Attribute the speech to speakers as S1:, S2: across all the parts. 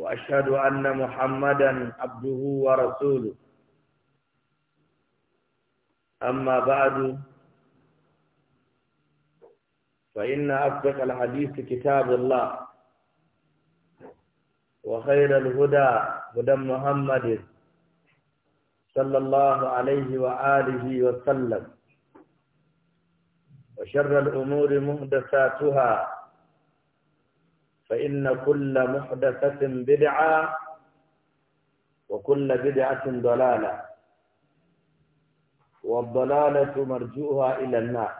S1: وأشهد أن محمدا عبده ورسوله أما بعد فإن أصدق الحديث كتاب الله وخير الهدى هدى محمد صلى الله عليه وآله وسلم وشر الأمور مهدساتها فإن كل محدثة بدعة وكل بدعة ضلالة والضلالة مرجوها إلى النار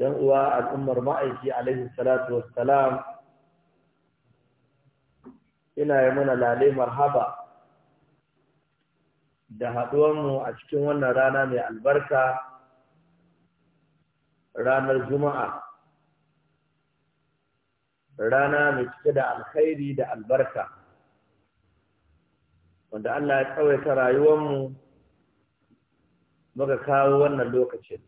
S1: ينقوى الأمر مائكي عليه الصلاة والسلام ina yi mana lale marhaba da haɗuwanmu a cikin wannan rana mai albarka ranar juma'a rana mai cike da alkhairi da albarka wanda Allah ya rayuwar mu muka kawo wannan lokacin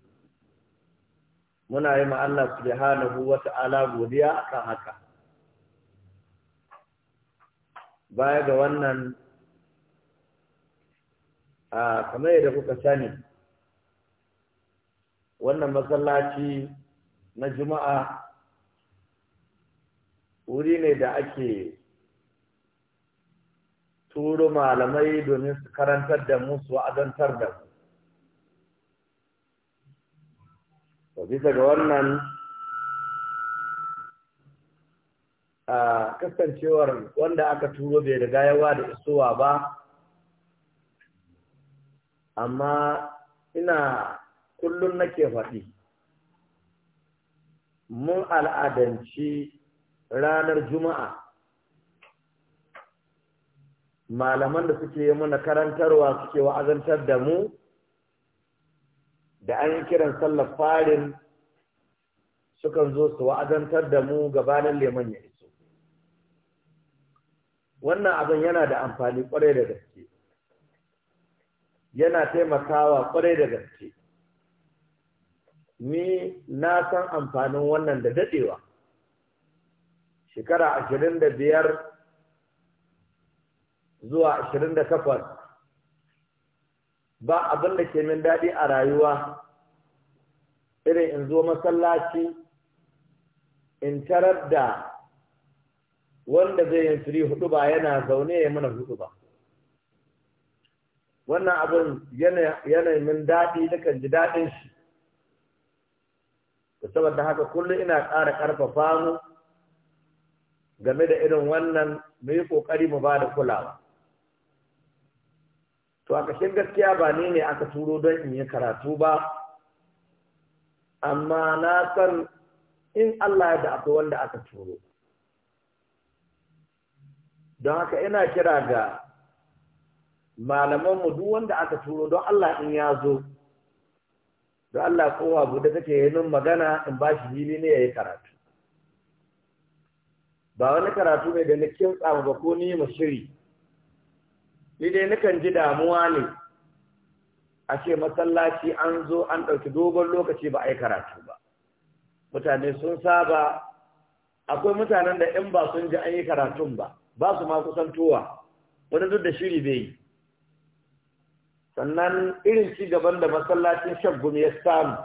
S1: muna yi ma Allah subhanahu wa ta'ala godiya akan haka baya ga wannan a kamar yadda kuka sani wannan masallaci na juma'a wuri ne da ake turo malamai domin su karantar da mu su wa'azantar da mu to bisa ga wannan a kasancewar wanda aka turo bai da gayawa da isuwa ba amma ina kullum nake faɗi mun al'adanci ranar juma'a malaman da suke mana karantarwa suke wa'azantar da mu da an yi kiran sallar farin sukan zo su wa'azantar da mu gabanin leman ya iso wannan abin yana da amfani kwarai da gaske yana taimakawa kwarai da gaske ni na san amfanin wannan da dadewa shekara ashirin da biyar zuwa ashirin da takwas ba abin da ke min daɗi a rayuwa irin in zo masallaci in tarar da wanda zai yin firi hudu ba yana zaune ya mana hudu ba wannan abin yanayi min daɗi nakan ji daɗin shi saboda haka kullum ina ƙara ƙarfafa mu game da irin wannan mu yi ƙoƙari mu bada kulawa to a shin gaskiya ba ni ne aka turo don in yi karatu ba amma na san in Allah ya da akwai wanda aka turo don haka ina kira ga malamanmu duk wanda aka turo don Allah in ya zo don Allah kowa bude take yi min magana in ba shi jini ne ya yi karatu ba wani karatu ne da na kinsa ba ko ni mu shiri ni dai nakan ji damuwa ne a ce masallaci an zo an ɗauki dogon lokaci ba a yi karatu ba mutane sun saba akwai mutanen da in ba sun ji an yi karatun ba ba su ma kusantowa wani duk da shiri bai yi sannan irin cigaban da masallacin shaggum ya samu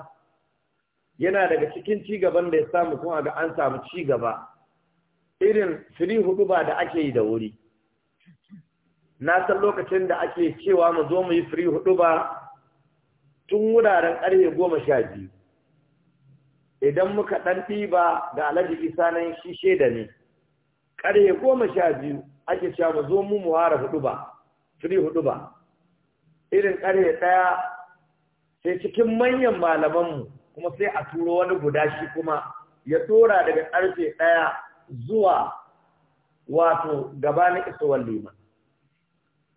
S1: yana daga cikin cigaban da ya samu kuma ga an samu ci gaba. irin firi hudu ba da ake yi da wuri na san lokacin da ake cewa mu zo mu yi firi hudu ba tun wuraren ƙarfe goma sha biyu idan muka ɗan ɗiba da alhaji isa nan shi shaida ne ƙarfe goma sha biyu ake cewa mu zo mu muhara hudu ba firi hudu ba irin ƙarfe ɗaya sai cikin manyan malamanmu kuma sai a turo wani guda shi kuma ya tura daga ƙarfe ɗaya zuwa wato gabanin isowar liman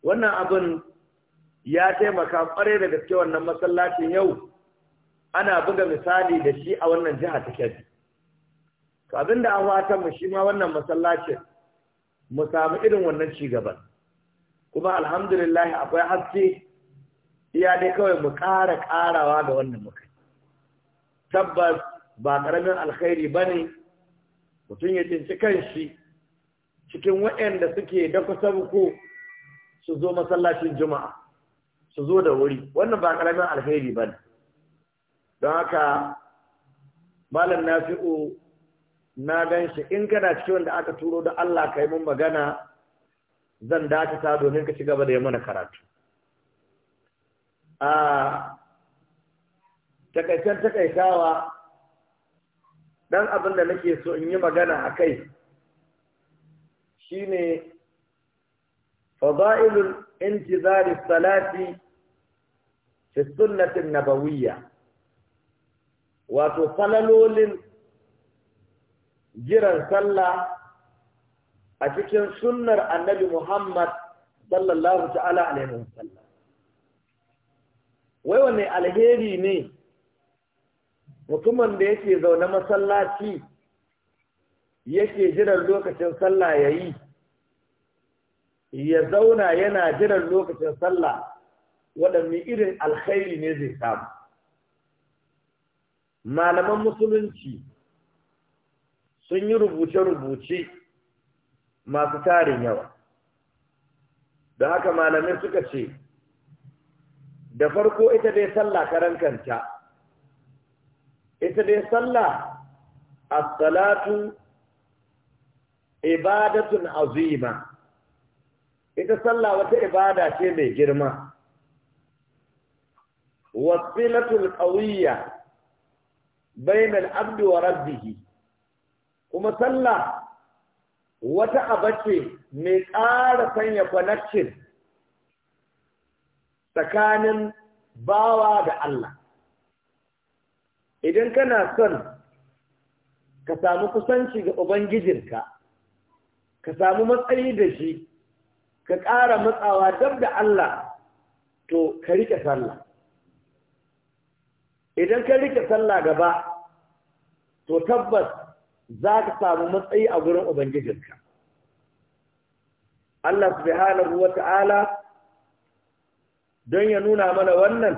S1: wannan abin ya taimaka kwarai da gaske wannan masallacin yau ana buga misali da shi a wannan jiha ta kebbi to abinda an wata mu shi ma wannan masallacin mu samu irin wannan cigaban kuma alhamdulillah akwai haske iya dai kawai mu ƙara ƙarawa ga wannan muka tabbas ba ƙaramin alkhairi ba ne mutum ya cinci shi cikin waɗanda suke da kusa ko su zo masallacin juma'a su zo da wuri wannan ba ƙaramin alheri ba don haka malam nafi'u na gan shi in kana cikin wanda aka turo da Allah kai mun magana zan dakata domin ka ci gaba da yi mana karatu a ah, takaitar takaitawa dan abin da nake so in yi magana a kai shine faza'ilun intizari salati fi sunnatin nabawiyya wato falalolin jiran sallah a cikin sunnar annabi Muhammad sallallahu ta'ala alaihi wasallam wai wanne alheri ne mutumin da yake zaune masallaci yake jiran lokacin sallah ya yi ya zauna yana jiran lokacin sallah waɗanne irin alkhairi ne zai samu malaman musulunci sun yi rubuce-rubuce masu tarin yawa da haka malamai suka ce da farko ita dai sallah karankanta ita dai sallah as-salatu ibadatun azima ita sallah wata ibada ce mai girma wasilatul qawiyya bainal abdi wa rabbih kuma sallah wata abace mai ƙara sanya connection tsakanin bawa da Allah idan kana son ka samu kusanci ga ubangijinka ka samu matsayi da shi ka ƙara matsawa dab da Allah to ka rike sallah idan ka rike sallah gaba to tabbas za ka samu matsayi a gurin ubangijinka Allah subhanahu ta'ala don ya nuna mana wannan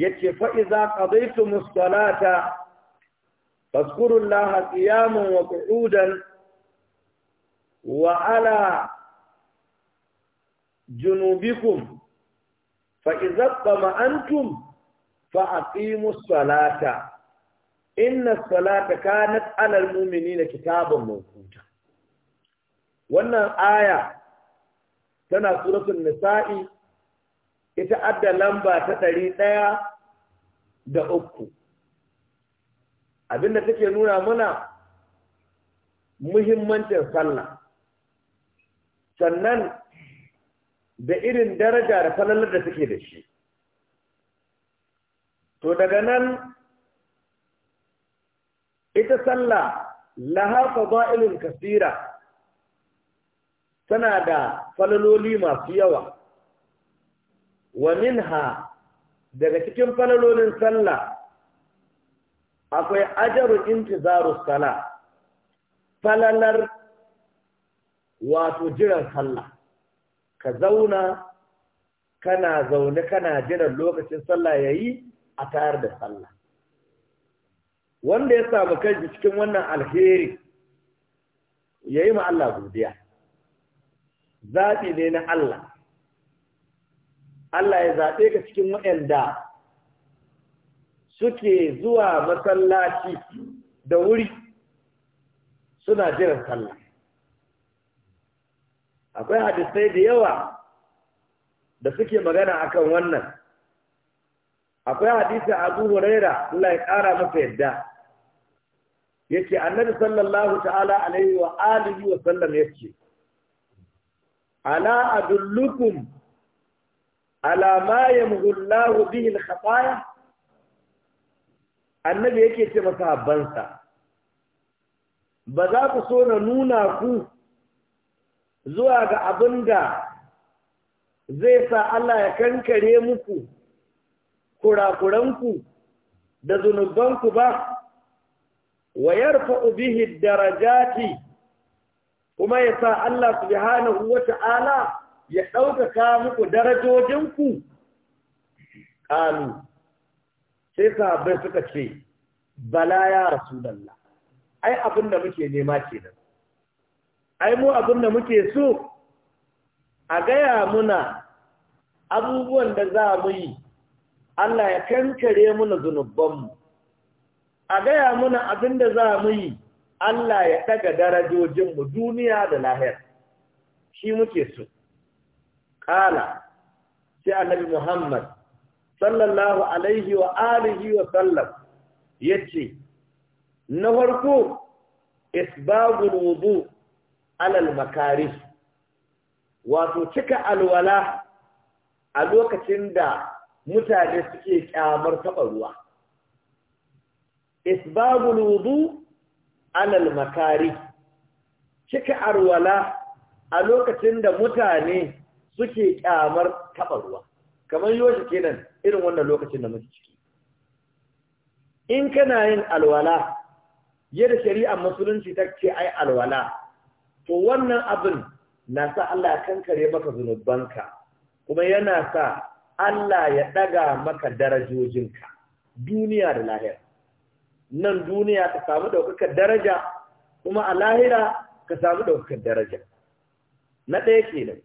S1: yace fa idza qadaytum as-salata fadhkuru qiyaman wa qu'udan wa ala junubikum fa idza tama'antum fa aqimu as-salata inna as-salata kanat 'ala al-mu'minina kitaban mawquta wannan aya tana suratul nisa'i ita adda lamba ta ɗari ɗaya da uku abinda take nuna mana muhimmancin sallah sannan da irin daraja da falalar da take da shi to daga nan ita sallah haka ba'ilin kasira tana da falaloli masu yawa wa minha daga cikin falalolin sallah akwai ajarun intizaru sala falalar wato jiran sallah ka zauna kana zaune kana jiran lokacin sallah yayi a tayar da sallah wanda ya samu kai cikin wannan alheri yayi ma Allah godiya zaɓi ne na Allah Allah ya zaɓe ka cikin waɗanda suke zuwa masallaci da wuri suna jiran sallah akwai hadisai da yawa da suke magana akan wannan akwai hadisi Abu Raira Allah ya ƙara masa yadda yake Annabi sallallahu ta'ala alaihi wa alihi wa sallam yace ala adullukum ala ma yamhu Allahu bihi al-khataya annabi yake ce masa ba za ku so na nuna ku zuwa ga abin da zai sa Allah ya kankare muku kurakuranku da zunubanku ba wa yarfa'u bihi darajati kuma ya sa Allah subhanahu wata'ala ya ɗaukaka muku darajojinku ƙalu sai sabbin suka ce bala ya rasulallah ai abin da muke nema kenan ai mu abin muke so a gaya muna abubuwan da za mu yi Allah ya kankare muna zunubanmu a gaya muna abin da za mu yi Allah ya ɗaga darajojinmu duniya da lahiyar shi muke so ƙala sai annabi Muhammad sallallahu alaihi wa alihi wa sallam yace na farko isbagul wudu alal makari, wato cika alwala a lokacin da mutane suke kyamar taɓa ruwa isbabul wudu alal makari cika alwala a lokacin da mutane suke kyamar taɓa ruwa kamar yoshi kenan irin wannan lokacin da muke ciki in kana yin alwala yadda shari'ar musulunci ta ce ai alwala to wannan abin na sa Allah ya kankare maka zunubanka kuma yana sa Allah ya ɗaga maka darajojinka duniya da lahira nan duniya ka samu ɗaukakar daraja kuma a lahira ka samu ɗaukakar daraja na ɗaya kenan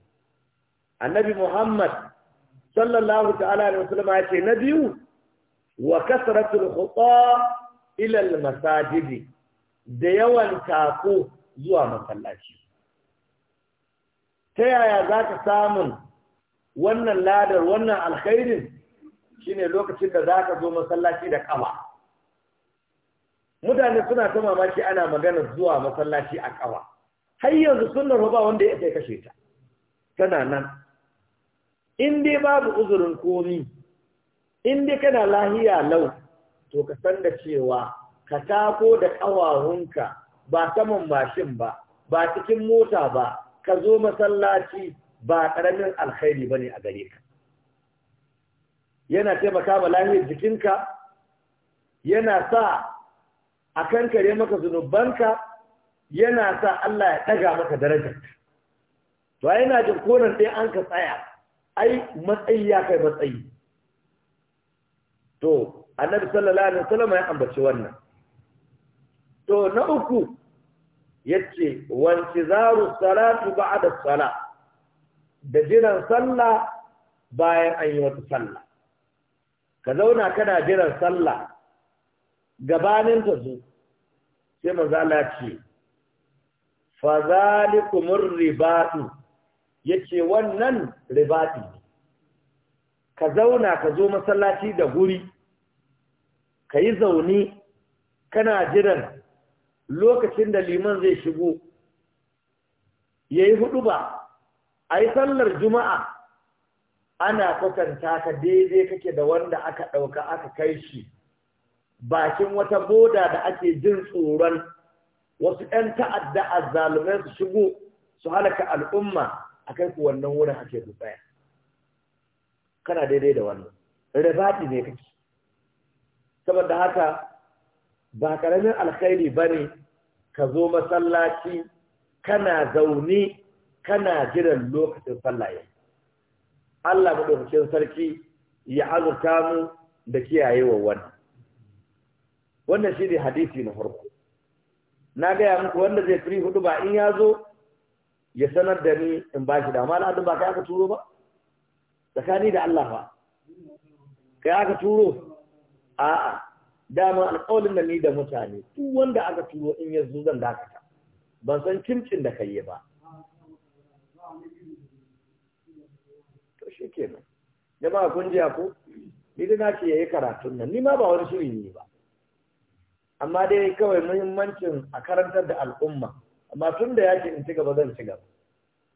S1: annabi muhammad sallallahu ta'ala alaihi wasallam ya ce na biyu wa kasratul khuta ila al masajid da yawan tako zuwa masallaci ta yaya za ka samun wannan ladar wannan alkhairin shine lokacin da za ka zo masallaci da kawa mutane suna ta mamaki ana magana zuwa masallaci a kawa har yanzu sunnar ba wanda ya kai kashe ta tana nan in dai babu uzurin komi in dai kana lahiya lau to ka san da cewa ka tako da ƙawawunka ba saman mashin ba ba cikin mota ba ka zo masallaci ba ƙaramin alkhairi ba ne a gare ka yana taimaka ma lahiyar jikinka yana sa a kankare maka zunubanka yana sa Allah ya ɗaga maka darajarka to yana jin konan sai an ka tsaya ai matsayi ya kai matsayi to annabi sallallahu alaihi wasallam ya ambaci wannan to na uku yace wantizaru salatu ba'da salat da jiran sallah bayan an yi wata sallah ka zauna kana jiran sallah gabanin ta zo sai manzo Allah ce fa zalikumur ribatu yace wannan ribaɗi. ka zauna ka zo masallaci da guri ka yi zaune kana jiran lokacin da liman zai shigo ya yi hudu ba a yi sallar juma'a ana kwatanta ka daidai kake da wanda aka ɗauka aka kai shi bakin wata boda da ake jin tsoron wasu ‘yan ta'adda a zalumai su shigo su halaka al'umma a kai ku wannan wurin ake ku tsaya kana daidai da wannan ribati ne kake saboda haka ba karamin alkhairi bane ka zo masallaci kana zaune kana jiran lokacin sallaye Allah madaukakin sarki ya azurta mu da kiyayewa wannan wannan shi ne hadisi na farko na gaya muku wanda zai firi hudu ba in ya zo ya sanar da ni in ba shi da? amma al'adun ba kai aka turo ba tsakani da Allah ba kai aka turo a'a dama alƙawalin da ni da mutane duk wanda aka turo in ya zo zan dakata ban san kimcin da kai ba to shi kenan ba kun ji ko ni da na ce yayi karatun nan ni ma ba wani shiri ne ba amma dai kawai muhimmancin a karantar da al'umma amma tun da ya in ci gaba zan ci gaba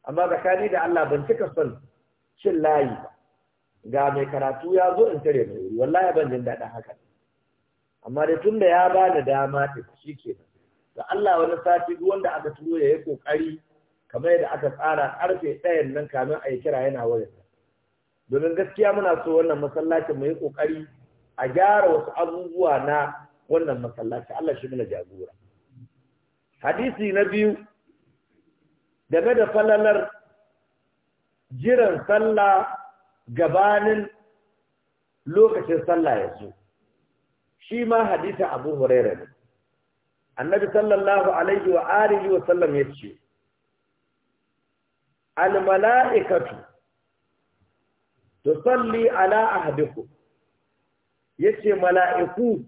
S1: amma tsakani da Allah ban cika son cin layi ba ga mai karatu ya zo in tare mai wuri wallahi ban jin daɗin haka amma da tun da ya ba da dama ta shi ke ga Allah wani sati duk wanda aka turo ya yi kokari kamar yadda aka tsara karfe ɗayan nan kamin a yi kira yana wajen domin gaskiya muna so wannan masallacin mu yi kokari a gyara wasu abubuwa na wannan masallaci Allah shi mana jagora hadisi na biyu game da falalar jiran sallah gabanin lokacin sallah ya zo shi ma hadisa abu huraira ne annabi sallallahu alaihi wa alihi wa sallam ya ce almala'ikatu tusalli ala ahdiku yace mala'iku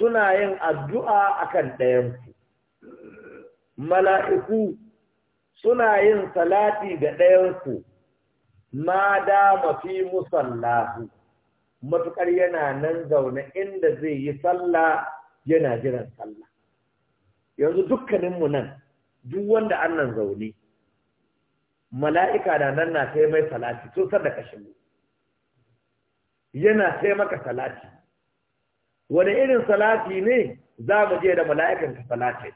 S1: suna yin addu'a akan ɗayanku mala'iku suna yin salati ga ɗayansu. ma da mafi musallahu matuƙar yana nan zaune inda zai yi sallah yana jiran sallah yanzu dukkaninmu nan duk wanda an nan zaune mala'ika da nan na sai mai salati tun da kashin yana sai maka salati wani irin salati ne za mu je da mala'ikan salati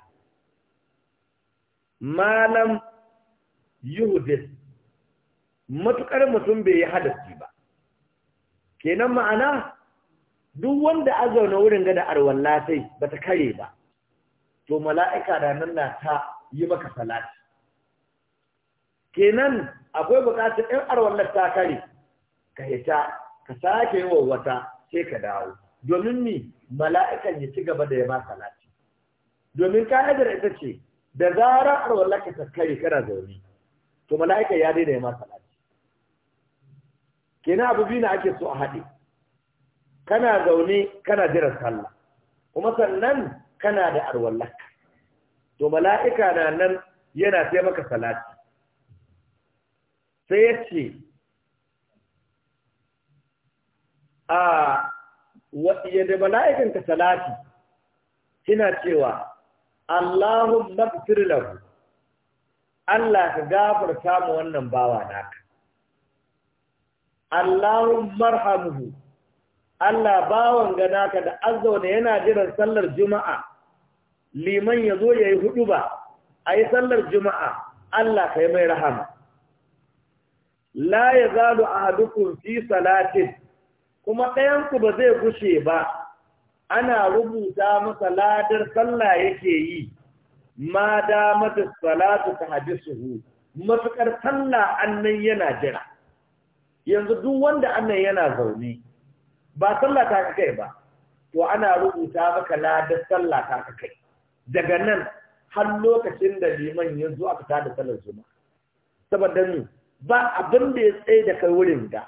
S1: malam yuhdis matukar mutum bai yi hadasi ba kenan ma'ana duk wanda a zaune wurin gada arwalla sai ba ta kare ba to mala'ika da nan na ta yi maka salati kenan akwai bukatar 'yan arwallar ta kare ka hita ka sake yawan wata sai ka dawo domin ni mala'ikan ya ci gaba da ya ba salati domin da ita ce da zara arwallah ta kai kana zaune to mala'ika ya daina ya masa salati kenan abu biyu na ake so a haɗe kana zaune kana jiran sallah kuma sannan kana da arwallaka to mala'ika na nan yana sai maka salati sai ya ce a yadda mala'ikanka salati kina cewa Allahumma na lahu Allah ka gafarta mu wannan bawa naka Allahumma arhamhu Allah bawan ga naka da azzauna yana jiran sallar juma'a liman ya ya zo yi hudu ba, a yi sallar juma'a Allah yi mai rahama la a ahadukum fi salatin kuma ɗayanku ba zai gushe ba ana rubuta masa ladar sallah yake yi ma da mata salatu ta hadisuhu matukar sallah annan yana jira yanzu duk wanda annan yana zaune ba sallah ta kai ba to ana rubuta maka ladar sallah ta kai daga nan har lokacin da liman ya zo aka tada sallar zuma saboda ni ba abin da ya tsaye da kai wurin ga,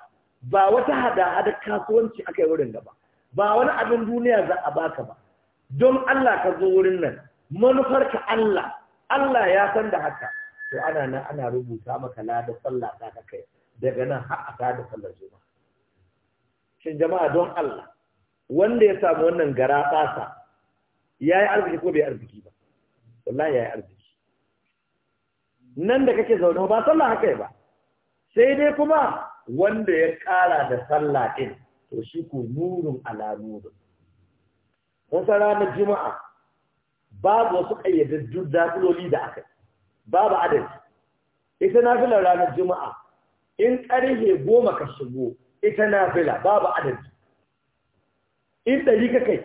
S1: ba wata hada-hada kasuwanci aka wurin da ba ba wani abin duniya za a baka ba don Allah ka zo wurin nan manufarka Allah Allah ya san da haka to ana nan ana rubuta maka ladar sallah ta ka kai daga nan har a da sallar juma shin jama'a don Allah wanda ya samu wannan gara ƙasa ya yi arziki ko bai arziki ba wallahi ya yi arziki nan da kake zaune ba sallah haka ba sai dai kuma wanda ya ƙara da sallah din to shi ko nurun ala nurun wata ranar juma'a babu wasu ƙayyadaddun nafiloli da aka babu adadi ita nafila ranar juma'a in ƙarfe goma ka shigo ita nafila babu adadi in ɗari ka kai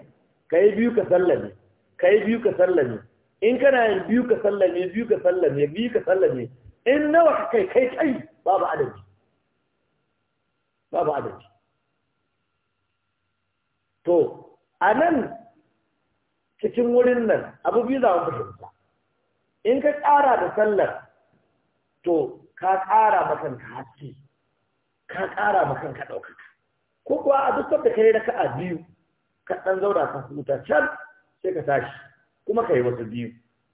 S1: ka yi biyu ka sallame ka yi biyu ka sallame in kana yin biyu ka sallame biyu ka sallame biyu ka sallame in nawa ka kai kai kai babu adadi babu adadi to a nan cikin wurin nan abu biyu za mu fahimta in ka ƙara da sallar to ka ƙara makan ka haske ka ƙara makan ka ɗaukaka ko kuwa a duk da kai a biyu ka ɗan zauna ka huta can sai ka tashi kuma ka yi wasu biyu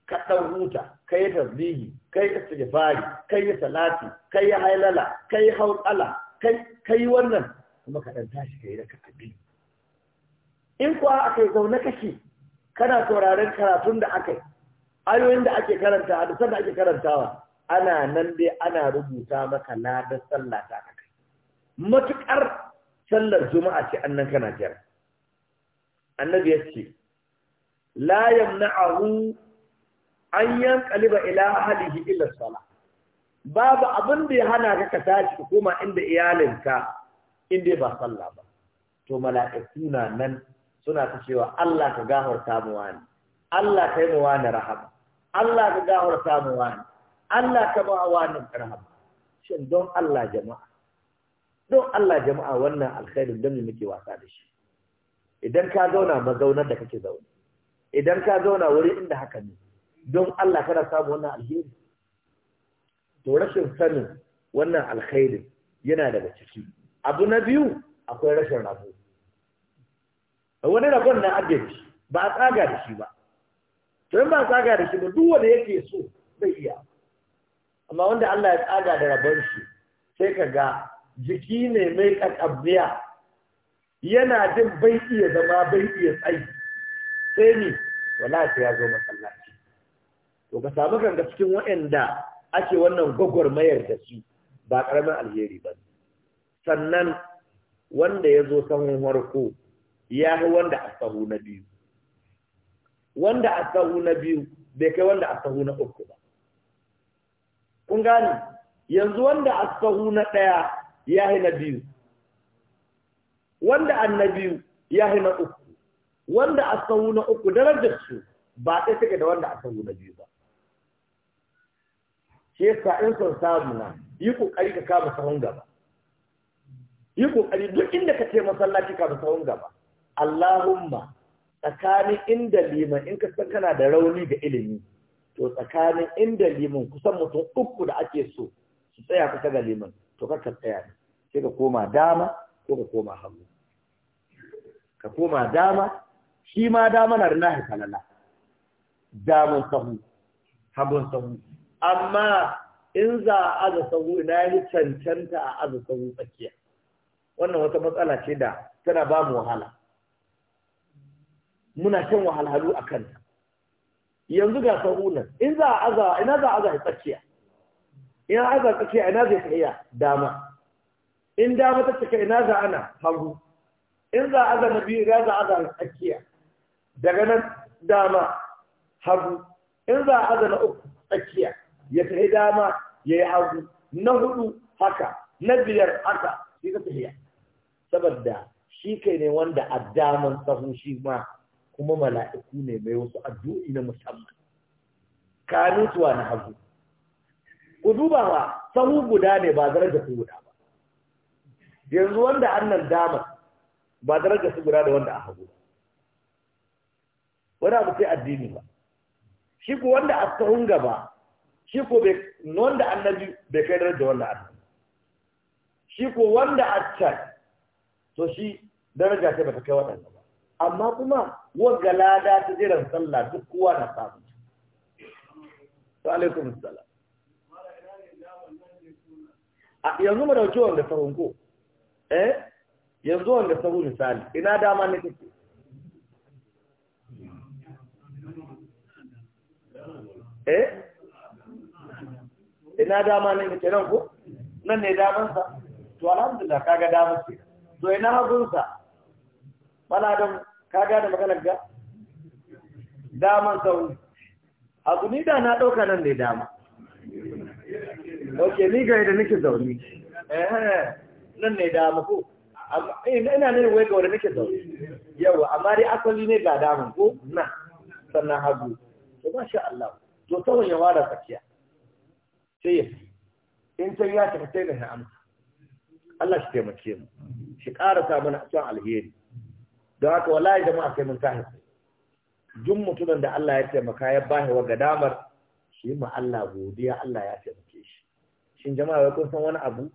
S1: ka ɗan huta ka yi tasbihi ka yi istighfari ka yi salati ka yi hailala ka yi hautsala ka yi wannan kuma ka ɗan tashi ka yi raka'a biyu in kuwa aka zaune kashi, kana sauraren karatun da aka yi ayoyin da ake karanta dusar da ake karantawa ana nan dai ana rubuta maka ladar sallah ta kai matukar sallar juma'a ce annan kana jira annabi ya ce la yamna'ahu an yanqaliba ila ahlihi illa salah babu abin da ya hana ka ka tashi ka koma inda iyalinka inda ba sallah ba to mala'iku na nan suna ta cewa Allah ka gafarta mu wani Allah ka yi mu wani rahama Allah ka gafarta mu wani Allah ka ba wani rahama shin don Allah jama'a don Allah jama'a wannan alkhairin don muke wasa da shi idan ka zauna mazaunar da kake zaune idan ka zauna wuri inda haka ne don Allah kana samu wannan alheri to rashin sanin wannan alkhairin yana daga ciki abu na biyu akwai rashin rabo wani rabon na adda shi ba a tsaga da shi ba to in ba a tsaga da shi ba duk wanda yake so zai iya amma wanda Allah ya tsaga da rabon shi sai ka ga jiki ne mai kakabiya yana jin bai iya zama bai iya tsayi sai ni wala sai ya zo masallaci to ka samu ganga cikin waɗanda ake wannan gwagwarmayar da su ba ƙaramin alheri ba sannan wanda ya zo san farko ya fi wanda a sahu na biyu wanda a sahu na biyu bai kai wanda a sahu na uku ba kun gani, yanzu wanda a sahu na ɗaya ya na biyu wanda an na biyu ya na uku wanda a sahu na uku darajar su ba ɗaya take da wanda a sahu na biyu ba shi yasa in son samu na yi kokari ka kama sahun gaba yi kokari duk inda ka ce masallaci ka sahun gaba Allahumma tsakanin inda liman in ka san kana da rauni da ilimi to tsakanin inda liman kusan mutum uku da ake so su tsaya kusa ga liman to ka tsaya ne sai ka koma dama ko ka koma hagu ka koma dama shi ma dama na da ya falala damun sahu hagun sahu amma in za a aza sahu na yi cancanta a aza sahu tsakiya wannan wata matsala ce da tana ba mu wahala muna kan wahalhalu a kan yanzu ga sahu in za a aza ina za a aza tsakiya ina aza tsakiya ina zai tsaya dama in dama ta tsakiya ina za ana hagu in za a aza na biyu ina za a aza tsakiya daga nan dama hagu in za a aza na uku tsakiya ya tafi dama ya yi hagu na hudu haka na biyar haka shi ta tafiya saboda shi kai ne wanda a daman sahu shi ma kuma mala'iku ne mai wasu addu'o'i na musamman kamin tuwa na hagu ku duba ba sahu guda ne ba daraja su guda ba yanzu wanda annan dama ba daraja su guda da wanda a hagu ba wani abu sai addini ba shi ko wanda a sahun gaba shi ko wanda annabi bai kai daraja wanda annabi shi ko wanda a can to shi daraja sai ba ta kai waɗanda ba amma kuma wa lada ta jiran sallah duk kowa na samu wa alaikum A yanzu mu dauki wanda sahun ko eh yanzu wanda sahu misali ina dama ne kake eh ina dama ne kake nan ko nan ne daman sa to alhamdulillah kaga damar ce to ina hagun sa bala don ka gane maganar ga daman sauri abu ni da na ɗauka nan da dama ok ni ga yadda nake zaune nan ne dama ko eh, ina ne wai ga wadda nake zaune yawa amma dai asali ne ga daman ko na sannan hagu to ba sha Allah to tsawon ya wada tsakiya sai ya in sai ya tafi sai da ya amsa Allah shi taimake mu shi ƙara sa mana son alheri don haka wallahi jama'a sai mun tahi jin mutumin da Allah ya taimaka ya shi wa gadamar shi ma Allah godiya Allah ya taimake shi shin jama'a wai kun san wani abu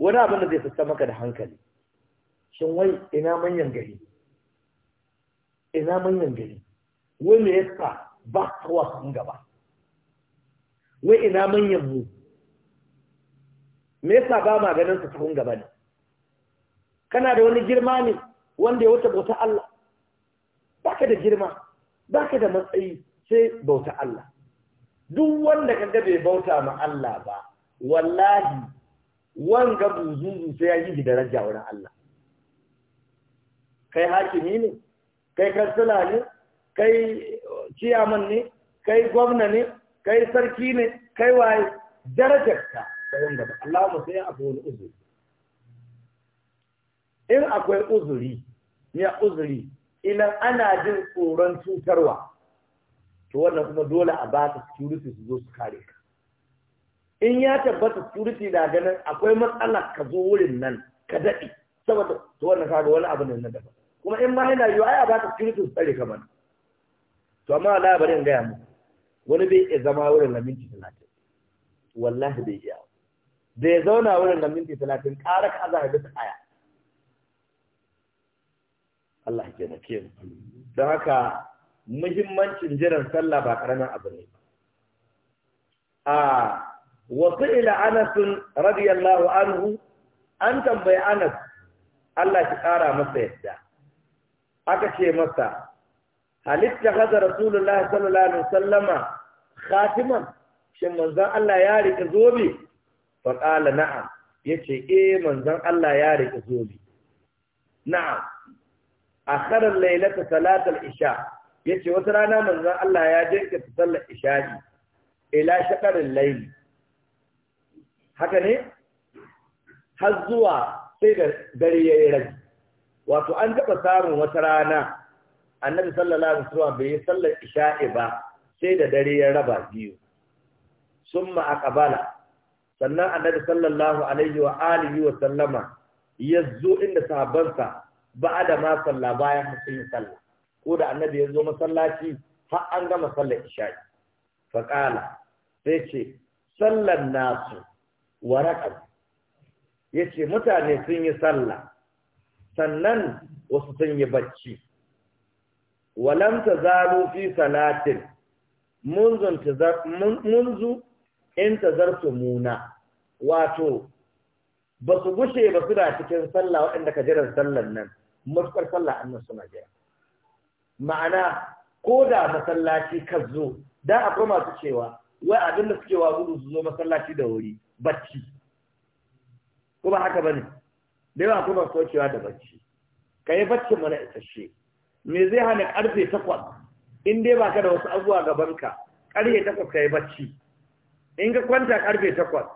S1: wani abu da zai fita maka da hankali shin wai ina manyan gari ina manyan gari wai me yasa ba kawa sun gaba wai ina manyan mu me yasa ba ma ganin su sun gaba ne kana da wani girma ne wanda ya wuce bauta Allah ka da girma ka da matsayi sai bauta Allah duk wanda ka bai bauta ma Allah ba wallahi wanga buzuzu sai ya yi daraja wurin Allah kai hakimi ne kai kansila ne kai ciyaman ne kai gwamna ne kai sarki ne kai waye darajar ka wanda ba Allah mu sai akwai wani uzuri in akwai uzuri ya uzuri idan ana jin tsoron cutarwa to wannan kuma dole a ba ta security su zo su kare ka in ya tabbata security na ganin akwai matsala ka zo wurin nan ka daɗe saboda to wannan kaga wani abu ne na daban kuma in ma yana yiwu ai a ba ta security su tsare ka mana to amma Allah bari in gaya muku wani bai iya zama wurin na minti talatin wallahi bai iya da ya zauna wurin na minti talatin ƙara ka za ka ga aya Allah ya taimake mu don haka muhimmancin jiran sallah ba karamin abu ne a wasu ila anas radiyallahu anhu an tambayi anas Allah ki kara masa yadda aka ce masa halitta haza rasulullahi sallallahu alaihi wasallama khatiman shin manzon Allah ya rike zobe fa qala na'am yace eh manzon Allah ya rike zobe na'am A akharar lailata salatar isha ya ce wata rana manzan Allah ya ta sallar isha'i ila shakarin laili haka ne har zuwa sai da dare ya yi rai wato an taɓa samun wata rana annabi sallallahu alaihi wasallam bai yi sallar isha'i ba sai da dare ya raba biyu summa aqbala sannan annabi sallallahu alaihi wa alihi wa sallama ya zo inda sahabbansa da ma salla bayan sun yi salla ko da annabi ya zo masallaci har an gama sallar isha'i fa sai ce sallan nasu wa raqab yace mutane sun yi salla sannan wasu sun yi bacci walam tazalu fi salatin munzu in muna, wato ba su gushe ba suna cikin sallah waɗanda ka jiran sallan nan matuƙar sallah annan suna jira ma'ana ko da masallaci ka zo da akwai masu cewa wai abin da suke wa gudu su zo masallaci da wuri bacci Kuma haka bane da yawa kuma su cewa da bacci ka yi bacci mana isasshe me zai hana karfe takwas in dai ba ka da wasu abubuwa gaban ka karfe takwas ka yi bacci in ka kwanta karfe takwas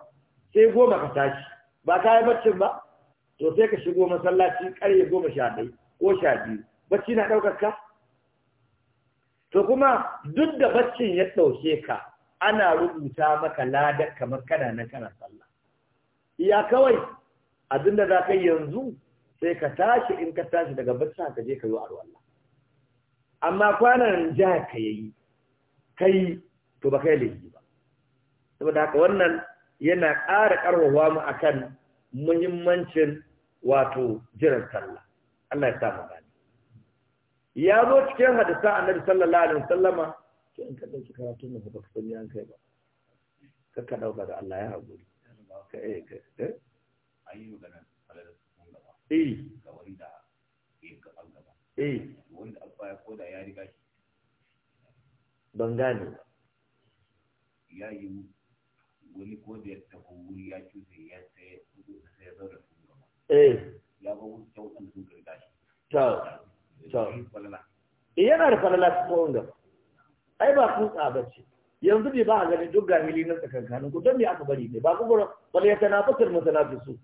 S1: sai goma ka tashi ba ka yi baccin ba to sai ka shigo masallaci kare goma sha ɗai ko sha biyu bacci na ɗaukar ka to kuma duk da baccin ya ɗauke ka ana rubuta maka ladar kamar kana na kana sallah iya kawai abinda za ka yanzu sai ka tashi in ka tashi daga bacci ka je ka yi amma kwanan ja ka yi kai to ba kai laifi ba saboda haka wannan yana ƙara ƙarfafa mu akan muhimmancin wato jiran sallah Allah ya samu gani ya zo cikin hadisa annabi sallallahu alaihi wasallama to in ka dauki karatu ne ba ka san yan kai ba ka ka dauka da Allah ya haƙuri ka eh ka eh ayi magana eh ga wanda ka fanga ba eh wanda abba ya koda ya riga shi ban gane ya yi wani ko da ya tafi wuri ya cuce ya sai ya zaura eh. sun gaba ya ba wuce waɗanda sun karga shi ta ta eh, yana da falala su kowon gaba ai ba kun tsaba ce yanzu ne ba a ganin duk gahili na tsakankanin ku don me aka bari ne ba ku gura wani ya tana fasar masana da su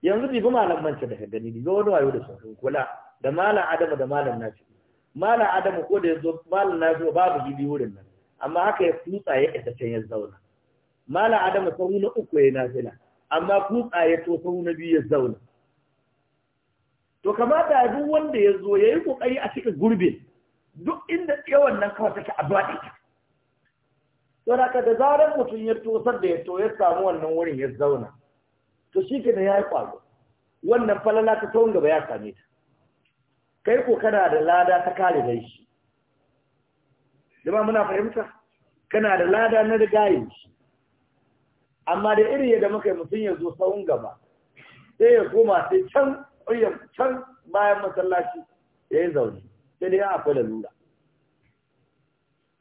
S1: yanzu ne ba malam manta daga gani ne ga wani wayo da sun kula da malam adama da malam Nasiru. malam adama ko da ya zo malam Nasiru babu gidi wurin nan amma haka ya kutsa ya isa can ya zauna mala adamu sahu na uku ya nafila amma kutsa ya to sahu na biyu ya zauna to kamata duk wanda ya zo ya yi kokari a cikin gurbin duk inda yawan nan kawai take a baɗi to da da zarar mutum ya tosar da ya to ya samu wannan wurin ya zauna to shi ke da ya yi ƙwazo wannan falala ta tsawon gaba ya same ta kai ko kana da lada ta kare da shi jama muna fahimta kana da lada na rigayin shi amma da iri yadda muka yi mutum ya zo tsawon gaba sai ya koma sai can can bayan masallaci ya yi zaune sai dai akwai lalura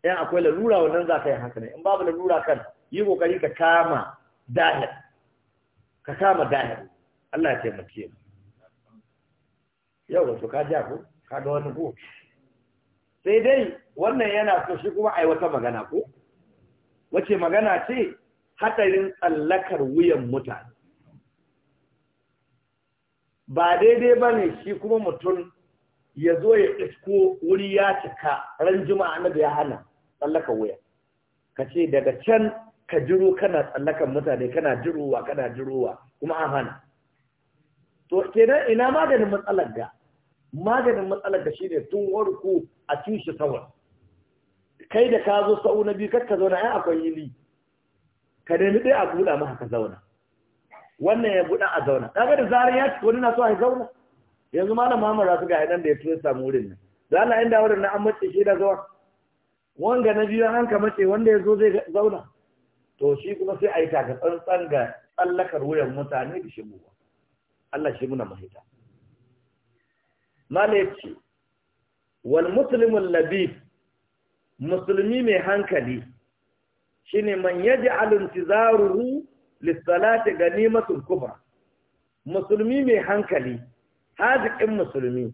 S1: in akwai lalura wannan za ka yi haka ne in babu lalura kan yi kokari ka kama dahil ka kama dahil Allah ya taimake mu yau wato ka ja ko ka ga wani ko sai dai wannan yana so shi kuma ai wata magana ko wace magana ce hadarin tsallakar wuyan mutane ba daidai ba ne shi kuma mutum ya zo ya isko wuri ya cika ran juma'a na da ya hana tsallakar wuya ka ce daga can ka jiro kana tsallakan mutane kana jirowa kana jirowa kuma an hana to kenan ina maganin matsalar ga maganin matsalar da shi ne tun warku a tushe sawar kai da ka zo sa'u na biyu kar ka zauna ya akwai yili ka nemi ɗaya a buɗa maka ka zauna wannan ya buɗa a zauna kaga da zarar ya ci wani na so a zauna yanzu malam Muhammad Rasu ga nan da ya tuwe samu wurin nan da Allah inda wurin nan an mace shi da zuwa wanga na biyu an ka mace wanda ya zo zai zauna to shi kuma sai a yi ga tsallakar wuyan mutane da shigowa Allah shi muna mahita malaci wal muslimul labib musulmi mai hankali shine man yaj'al intizaruhu lis-salati ganimatul kubra musulmi mai hankali haziƙin musulmi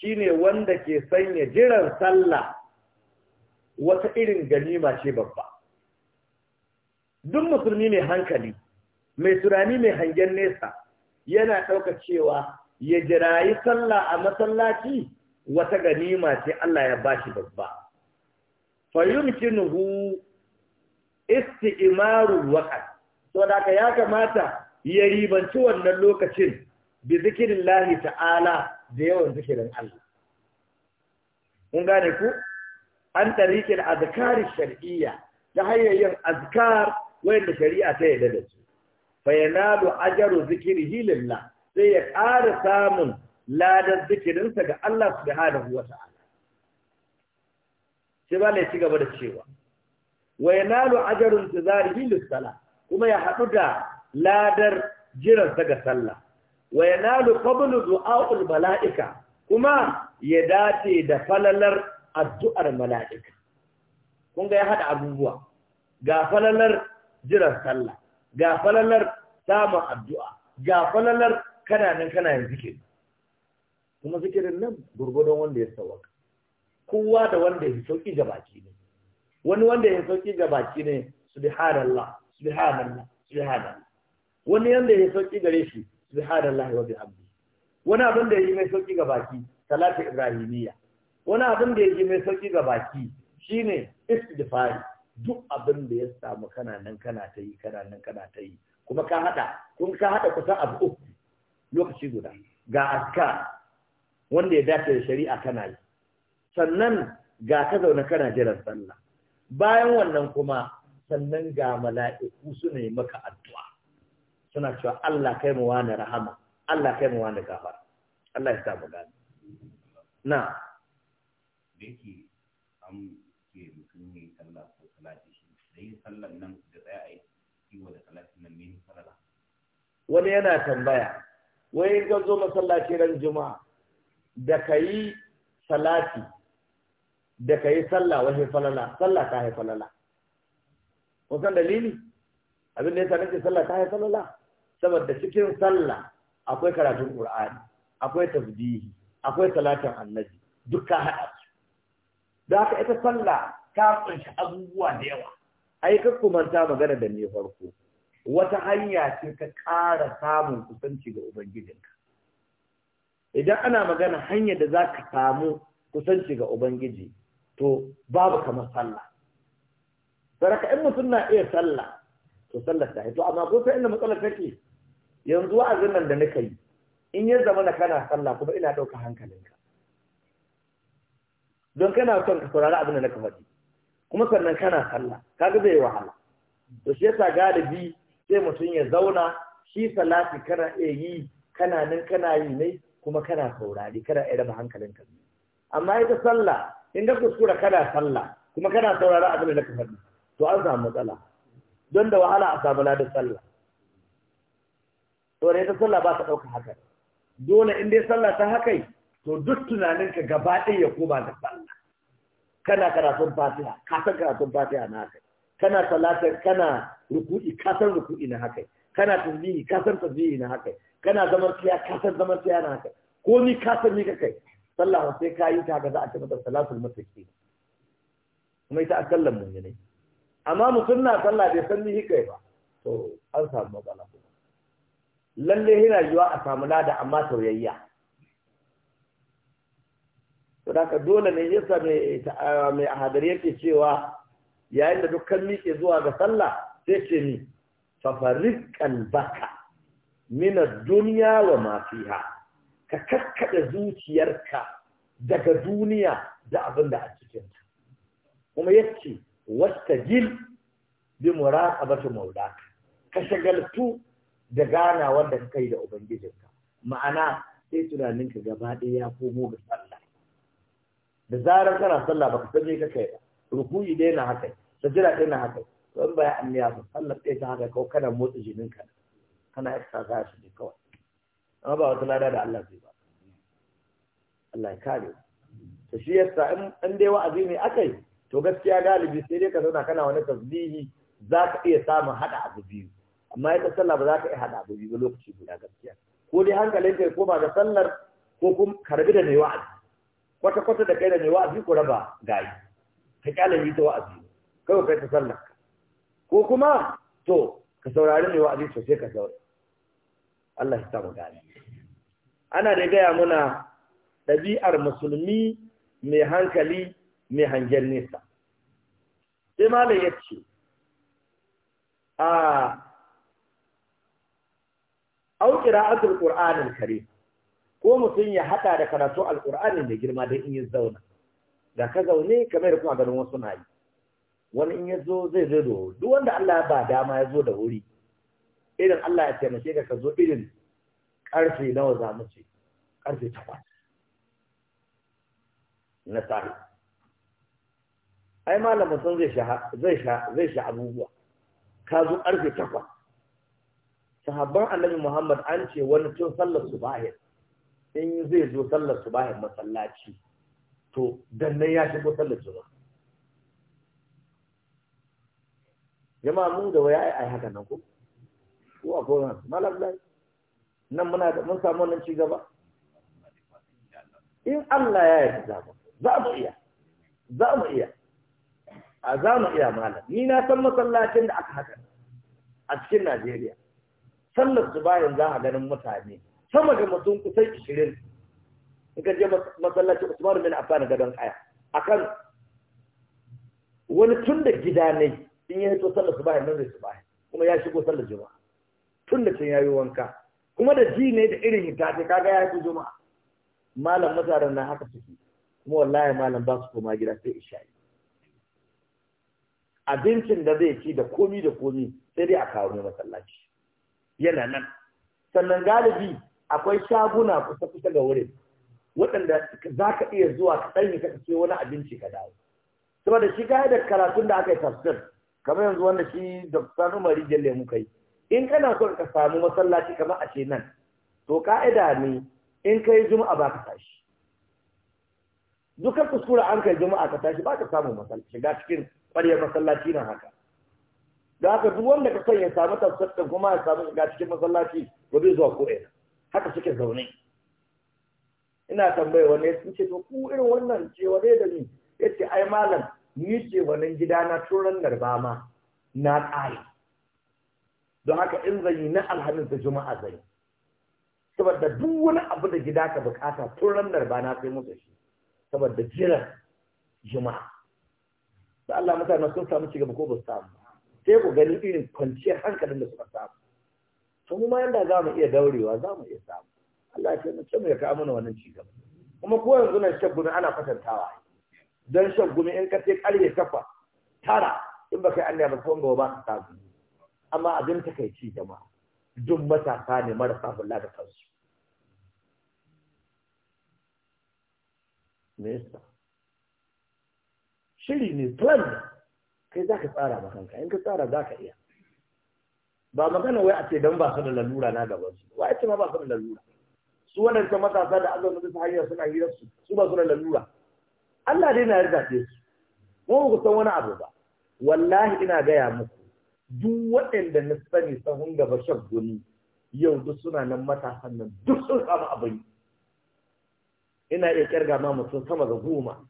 S1: shine wanda ke sanya jiran sallah wata irin ganima ce babba duk musulmi mai hankali mai turani mai hangen nesa yana ɗauka cewa ya jirayi sallah a masallaci wata ganima ce Allah ya bashi babba fayumkinuhu isti'marul so da ka ya kamata ya ribanci wannan lokacin bi lahi ta'ala da yawan zikirin Allah kun gane ku an tarikin azkarin shar'iya ta yin azkar wanda shari'a ta yarda da su fa ajaru ajru hilin Allah. sai ya ƙara samun ladar zikirinsa ga Allah da wa ta'ala sai ba ci gaba da cewa wa yanalu ajrun tazarihi lis-sala kuma ya haɗu da ladar jiransa ga sallah wa yanalu qablu du'a'ul mala'ika kuma ya dace da falalar addu'ar mala'ika kun ga ya haɗa abubuwa ga falalar jiran sallah ga falalar samun addu'a ga falalar kana nan kana yin zikiri kuma zikirin nan gurgudun wanda ya sauwaka kowa da wanda ya sauki ga baki ne wani wanda ya sauki ga baki ne subhanallah subhanallah subhanallah wani wanda ya sauki gare shi subhanallah wa bihamdi wani abin da ya yi mai sauki ga baki salatu ibrahimiyya wani abin da ya yi mai sauki ga baki shine istighfari duk abin da ya samu kana nan kana ta yi kana nan kana ta yi kuma ka hada kun ka hada kusan abu uku lokaci guda ga aska wanda ya dace da shari'a kana yi sannan ga ka zaune kana jiran sallah bayan wannan kuma sannan ga mala'iku suna yi maka addu'a suna cewa Allah kai mu wani rahama Allah kai mu wani gafara Allah ya sa mu gani na da yake an ke mutum ne sallah ko salati shi da yin sallan nan da tsaya a yi kiwo da salatin nan ne sallah wani yana tambaya wai ka zo masallaci ran juma'a da ka yi salati da ka yi sallah wai falala sallah ta haifalala kun san dalili abin da ya sanar sallah ta haifalala saboda cikin sallah akwai karatun qur'ani akwai tasbihi akwai salatin annabi duka haɗa su da haka ita sallah ta kunshi abubuwa da yawa ai ka ta magana da ni farko wata hanya ce ta ƙara samun kusanci ga Ubangijinka. Idan ana magana hanyar da za ka samu kusanci ga Ubangiji, to babu kamar sallah. Saraka in mutum na iya sallah, to sallah ta to amma ko sai inda matsalar take yanzu wa'azin nan da nika yi, in ya zama na kana sallah kuma ina ɗauka hankalinka. Don kana son ka saurari abin da na faɗi, kuma sannan kana sallah, kaga zai wahala. To shi yasa galibi sai mutum ya zauna shi salati kana yi kana nan kana yi ne kuma kana saurari kana iya raba hankalinka amma ita sallah in ka kuskura kana sallah kuma kana saurari abin da ka faɗi to an samu matsala don da wahala a samu ladin sallah to ne ta sallah ba ta ɗauka haka dole in dai sallah ta haka to duk tunaninka gaba ɗaya ya koma da sallah kana karatun fatiha ka san karatun fatiha na haka kana salatin kana ruku'i ka san ruku'i na haka kana tasbihi ka san tasbihi na haka kana zaman tiya ka san zaman tiya na haka ko ni ka san ni kai sallah sai ka yi ta ga za a ce mata salatul mutaqi kuma ita a sallan mun ne amma mutum na sallah bai san ni kai ba to an samu matsala lalle yana yiwa a samu lada amma tauyayya saboda dole ne yasa mai mai hadari yake cewa yayin da dukkan miƙe zuwa ga sallah sai ce ni fafarik kalbaka mina duniya wa mafiha ka kakkaɗe zuciyarka daga duniya da abin da a cikinta kuma yace wasta jil bi muraqabati maulaka ka shagaltu da gana wanda kai da ubangijinka ma'ana sai tunaninka gaba ɗaya ya komo ga sallah da zarar kana sallah baka san me kake ba rukuyi dai na haka sajira dai na haka to in ba anniya ya ba sallar ɗaya ta haka kawai kana motsa jinin ka kana exercise ne kawai amma ba wata lada da Allah zai ba Allah ya kare to shi yasa in dai wa'azi ne akai to gaskiya galibi sai dai ka zauna kana wani tasbihi za ka iya samun haɗa abu biyu amma ita sallah ba za ka iya haɗa abu biyu ba lokaci guda gaskiya ko dai hankalin ka koma ga sallar ko kuma karbi da mai wa'azi kwata kwata da kai da mai wa'azi ko raba gayi ka kyale ta wa'azi kawai kai ta sallar ko kuma to ka saurari mai wa'azi sosai ka saurari Allah ya samu gani ana da gaya muna ɗabi'ar musulmi mai hankali mai hangen nesa sai malai ya ce a aukira azul ƙur'anin kare ko mutum ya haɗa da karatu alƙur'anin da girma don in yi zauna ga ka zaune kamar kuma ganin wasu na yi wani in ya zo zai zo da wuri duk wanda Allah ya ba dama ya zo da wuri irin Allah ya taimake ka ka zo irin karfe nawa za mu ce karfe takwas na tsari. ai malamin sun zai sha zai sha zai sha abubuwa ka zo karfe takwas sahabban annabi Muhammad an ce wani tun sallar subahin in zai zo sallar subahin masallaci to dan nan ya shigo sallar juma'a jama'a mun da waya ai haka nan ko ko a ko nan malam nan muna da mun samu wannan ci gaba in Allah ya yarda mu za mu iya za mu iya a za mu iya malam ni na san masallacin da aka haka a cikin Najeriya sallar su bayan za a ganin mutane sama da mutum kusan 20 in ka je masallacin Usman bin Affan gadon kaya akan wani tun da gida ne in ya hito sallar subahi nan zai subahi kuma ya shigo sallar juma'a tun da can yayi wanka kuma da ji ne da irin hita ce kaga ya hito juma'a malam mutaren na haka suke kuma wallahi malam ba su koma gida sai isha'i abincin da zai ci da komi da komi sai dai a kawo mai masallaci yana nan sannan galibi akwai shaguna kusa kusa ga wurin waɗanda za ka iya zuwa ka ɗanyi ka ce wani abinci ka dawo saboda shi ga da karatun da aka yi tafsir kamar yanzu wanda shi da sanu mari jalle muka yi in kana so ka samu masallaci kamar a ce nan to ka'ida ne in kai juma'a ba ka tashi dukkan kuskura an kai juma'a ka tashi ba ka samu masallaci shiga cikin ƙwaryar masallaci nan haka da haka duk wanda ka son ya samu tafsirta kuma ya samu shiga cikin masallaci ba zai zuwa ko'ina haka suke zaune ina tambaye wani ya ce to ku irin wannan cewa ne da ni ya ai malam ni ce wannan gida na turan narba ma na ƙare don haka in zan na alhamis da juma'a zai saboda duk wani abu da gida ka bukata turan narba na sai musu shi saboda jiran juma'a da Allah mutane sun samu gaba ko ba su samu sai ku gani irin kwanciyar hankalin da suka samu to mu ma yanda za mu iya daurewa za mu iya samu Allah ya ce mu ce mu ya kawo mana wannan gaba. kuma ko yanzu nan shagunan ana kwatantawa don shan gumi in ka sai karye kafa tara in baka yi Allah ba tsohon gaba ba ka samu amma abin takaici jama'a duk matasa ne marasa kula da kansu me yasa shiri ne plan kai za ka tsara ma kanka in ka tsara za ka iya ba magana wai a ce don ba su da lalura na da su wai a ce ma ba su da lalura su wannan ta matasa da azumin su hanyar suna hirar su su ba su da lalura Allah dai na yarda ce su mu ku san wani abu ba wallahi ina gaya muku duk waɗanda na sani sahun gaba guni yau duk suna nan matasan nan duk sun samu abin ina iya kirga ma mutum sama ga goma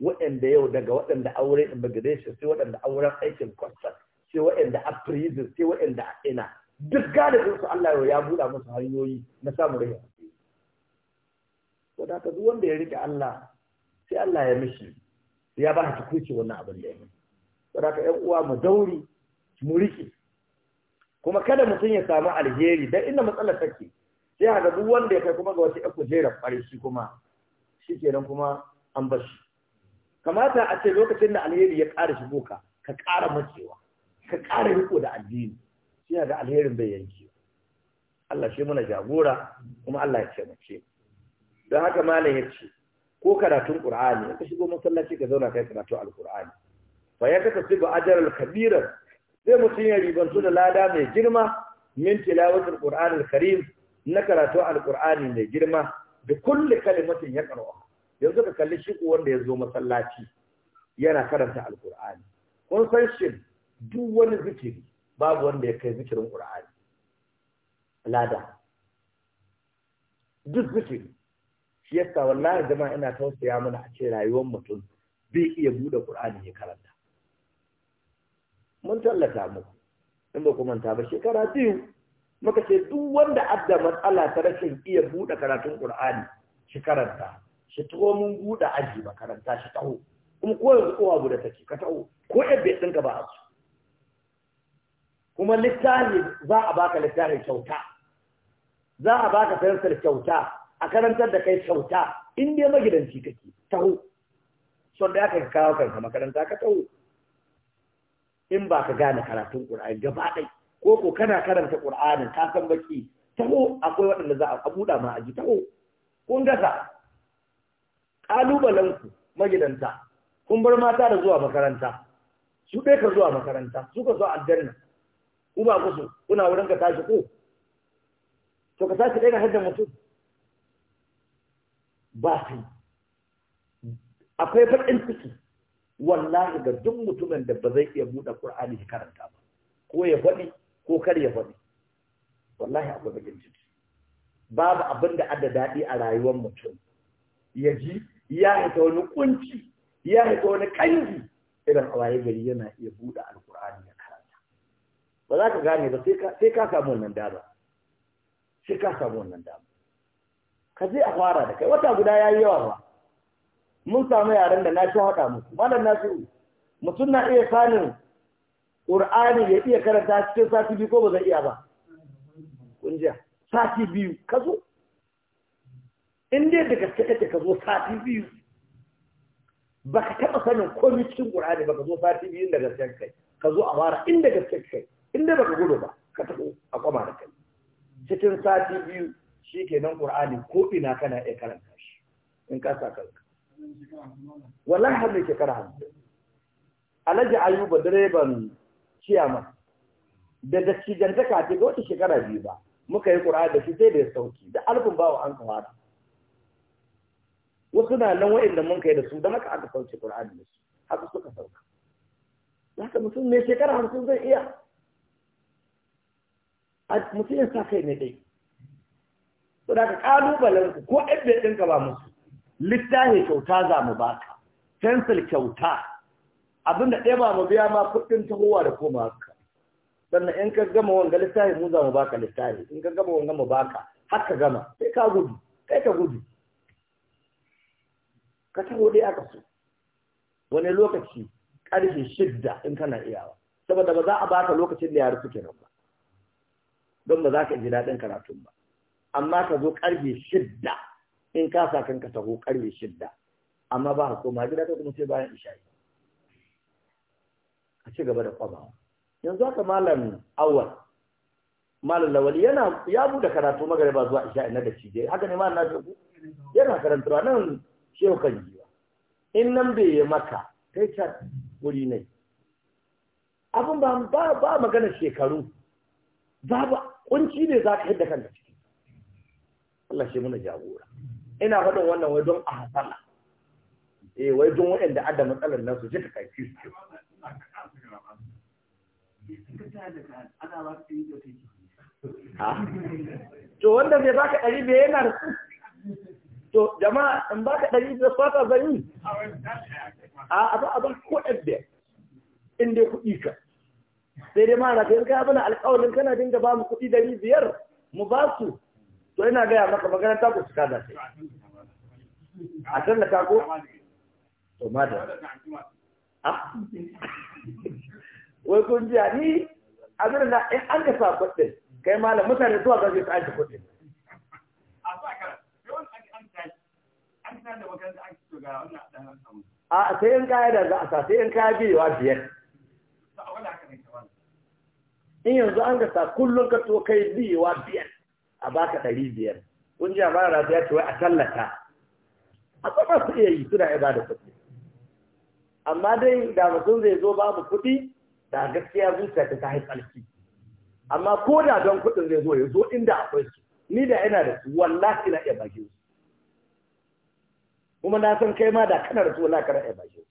S1: waɗanda yau daga waɗanda aure immigration sai waɗanda auren aikin kwastar sai waɗanda a prison sai waɗanda a ina duk galibin su Allah ya buɗa musu hanyoyi na samun rayuwa. Wadda ka duk wanda ya rike Allah sai Allah ya mishi ya ba ta kuce wannan abin da ya yi saboda ƴan uwa mu dauri mu rike? kuma kada mutum ya samu alheri dan inda matsalar take sai ga duk wanda ya kai kuma ga wata ƴan kujerar ƙarshi kuma shikenan kuma an bar shi kamata a ce lokacin da alheri ya ƙara shigo ka ka ƙara matsewa ka ƙara riko da addini sai ga alherin bai yanke Allah shi muna jagora kuma Allah ya ce mu ce don haka malam ya ce ko karatun ƙur'ani ka shigo masallaci ka zauna kai karatu al fa ya ka tasibu ajral kabira sai mutun ya ribantu da lada mai girma min tilawatul Qur'an alkarim karim na karatu al mai girma da kulli kalimatin ya karo yanzu ka kalli shi wanda ya zo masallaci yana karanta al kun san shi duk wani zikiri babu wanda ya kai zikirin Qur'ani lada duk zikiri shi yasa wallahi jama'a ina tausaya mana a ce rayuwar mutum zai iya buɗe Qur'ani ya karanta mun tallata muku in ba ku manta ba shekara biyu muka ce duk wanda adda matsala ta rashin iya buɗe karatun Qur'ani shi karanta shi taho mun buɗe aji ba karanta shi taho kuma ko yanzu kowa buɗe take ka taho ko bai dinka ba a su kuma littafi za a baka littafin kyauta za a baka fensir kyauta a karantar da kai sauta, in dai magidanci kake taho son da aka kawo kanka makaranta ka taho in ba ka gane karatun Qur'ani gaba ɗai ko ko kana karanta Qur'anin ka san baki taho akwai waɗanda za a buɗa ma a ji, taho kun gasa ƙalubalenku magidanta kun bar mata da zuwa makaranta su ɗaya ka zuwa makaranta su ka zuwa aljanna ku ba ku su kuna wurin ka tashi ko to ka tashi ɗaya ka hadda mutum ba akwai baƙin ciki wallahi ga duk mutumin da ba zai iya buɗe Qur'ani ya karanta ba ko ya faɗi ko kar ya faɗi wallahi akwai baƙin ciki babu abin da ada daɗi a rayuwar mutum ya ji ya haita wani kunci ya haita wani kanji idan a waye gari yana iya buɗe alkur'ani ya karanta ba za ka gane ba sai ka samu wannan dama sai ka samu wannan dama ka je a fara da kai wata guda ya yi yawa ba mun samu yaren da na shi haɗa musu malam nasiru mutum na iya sanin ƙur'ani ya iya karanta cikin sati biyu ko ba zai iya ba kunjiya sati biyu ka zo in dai da gaske kake ka zo sati biyu ba ka taɓa sanin komai cikin ƙur'ani ba ka zo sati biyu da gaske kai ka zo a fara inda gaske kai inda ba ka gudu ba ka taɓa a kwama da kai cikin sati biyu shi nan Qur'ani ko ina kana iya karanta shi in ka sa kanka Wallan har ne ke kara Alhaji Ayuba direban ciyama daga cigantaka ce ga wata shekara biyu ba muka yi Qur'ani da shi sai da ya sauki da alfin bawa an kawata wasu na nan wa'inda mun kai da su don haka aka sauke Qur'ani da su haka suka sauka haka mutum mai shekara hamsin zai iya mutum ya sa kai ne dai to daga kalubalen ku ko ɗin ɗinka ba musu littafi kyauta za mu baka fensil kyauta da ɗaya ba mu biya ma kuɗin tahowa da koma haka sannan in ka gama wanga littafi mu za mu baka littafi in ka gama wanga mu baka har ka gama sai ka gudu kai ka gudu ka taho dai aka so wani lokaci ƙarfe shidda in kana iyawa saboda ba za a baka lokacin da ya suke nan ba don ba za ka ji daɗin karatun ba amma ka zo karfe shidda in ka sa kanka taho karfe shidda amma ba ka koma gida ka kuma sai bayan isha'i a ci gaba da kwaba yanzu haka malam awal malam lawali yana ya bude karatu magariba zuwa isha'i na da cije haka ne malam na ku yana a nan shehu kan jiwa in nan bai yi maka kai ta wuri ne abin ba ba magana shekaru babu kunci ne za ka yadda kanka ciki Allah shi muna jagora ina faɗin wannan wai don a hasala eh wai don waɗanda adda matsalar nasu ji ka kaifi su to wanda bai baka ɗari bai yana da to jama'a in baka ɗari da fata zan yi a abin ba ko da in dai kuɗi ka sai dai ma na kai ka bana alƙawarin kana dinga ba mu kuɗi ɗari biyar mu ba su to ina gaya maka magana ta ku suka da a tallata ko to ma da ah. wai kun ji ni a zira na in an ka sa kuɗin kai malam mutane zuwa gaje ta aiki kuɗin a sai in kaya da za a sa sai in kaya biyuwa biyar in yanzu an ka kullum ka to kai biyuwa biyar a baka ɗari biyar Kun ji mara da ya ce wai a tallata a kuma su iya yi suna iya bada da kuɗi amma dai da mutum zai zo babu kuɗi da gaskiya zuciya ta ta haifalki amma ko da don kuɗin zai zo ya zo inda akwai su ni da yana da su wallahi na iya bage su kuma na san kai ma da kana da su wallahi kana iya bage su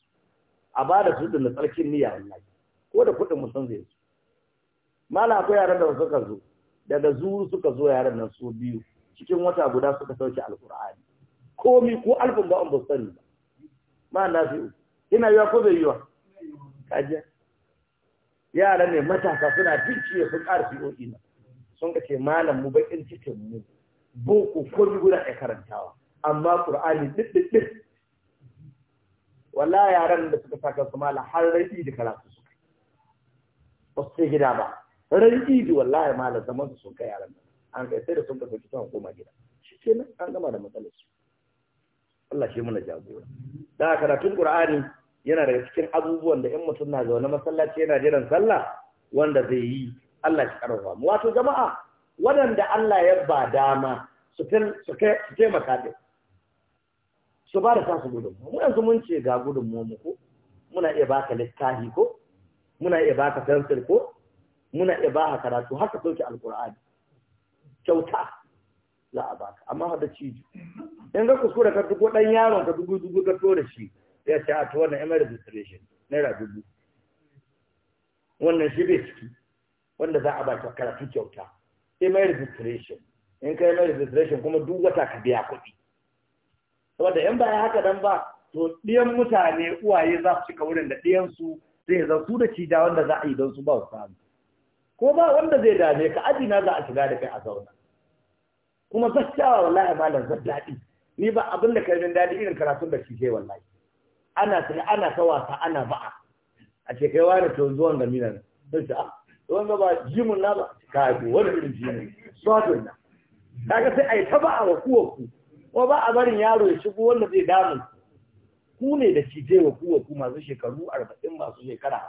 S1: a ba da su da tsarkin niyya wallahi ko da kuɗin mutum zai zo mala akwai yaran da wasu kan zo daga zuru suka zo yaran nan su biyu cikin wata guda suka sauke alkur'ani komi ko alfin ba'an ba sani ba ma na fi ina yiwa ko bai yiwa kajiya yara ne matasa suna ticciye su ƙara fi'o'i na sun ka malam mu baƙin cikin mu boko ko ni guda ɗaya karantawa amma ƙur'ani ɗiɗɗiɗɗi wala yaran da suka saka su mala har rai da karatu suka ba su gida ba ran idi wallahi malam zaman su sun kai yaran nan an kai sai da sun kafa kitan koma gida shi kenan an gama da matsalar su Allah shi muna jagora da karatun Qur'ani yana daga cikin abubuwan da in mutum na zaune masallaci yana jiran sallah wanda zai yi Allah shi karfa mu wato jama'a waɗanda Allah ya ba dama su su taimaka makade su ba da tasu gudunmu mu yanzu mun ce ga gudun mu ko muna iya baka littafi ko muna iya baka tantsir ko muna iya ba karatu har ka ɗauki alƙur'ani kyauta za a baka amma hada ciji in ka kuskura ka dugo ɗan yaron ka dubu dubu ka tura shi ya ce a to wannan emir registration naira dubu wannan shi bai ciki wanda za a baka karatu kyauta emir registration in ka emir registration kuma duk wata ka biya kuɗi saboda in ba ya haka dan ba to ɗiyan mutane uwaye za su cika wurin da ɗiyan su sai zan su da cija wanda za a yi don su ba su samu ko ba wanda zai dame ka aji na za a shiga da kai a zauna kuma zaccawa wallahi malam zan daɗi ni ba abin da kai daɗi irin karatun da shi wallahi ana tsaye ana ta wasa ana ba'a a ce kai wani to zuwan da minan sai ce ah zuwan ga ba jimin na ba ka yi wani irin jimin swatun na kaga sai a yi ta ba'a wa kuwa ku ko ba a barin yaro ya shigo wanda zai damu ku ne da cije wa kuwa ku masu shekaru arba'in masu shekara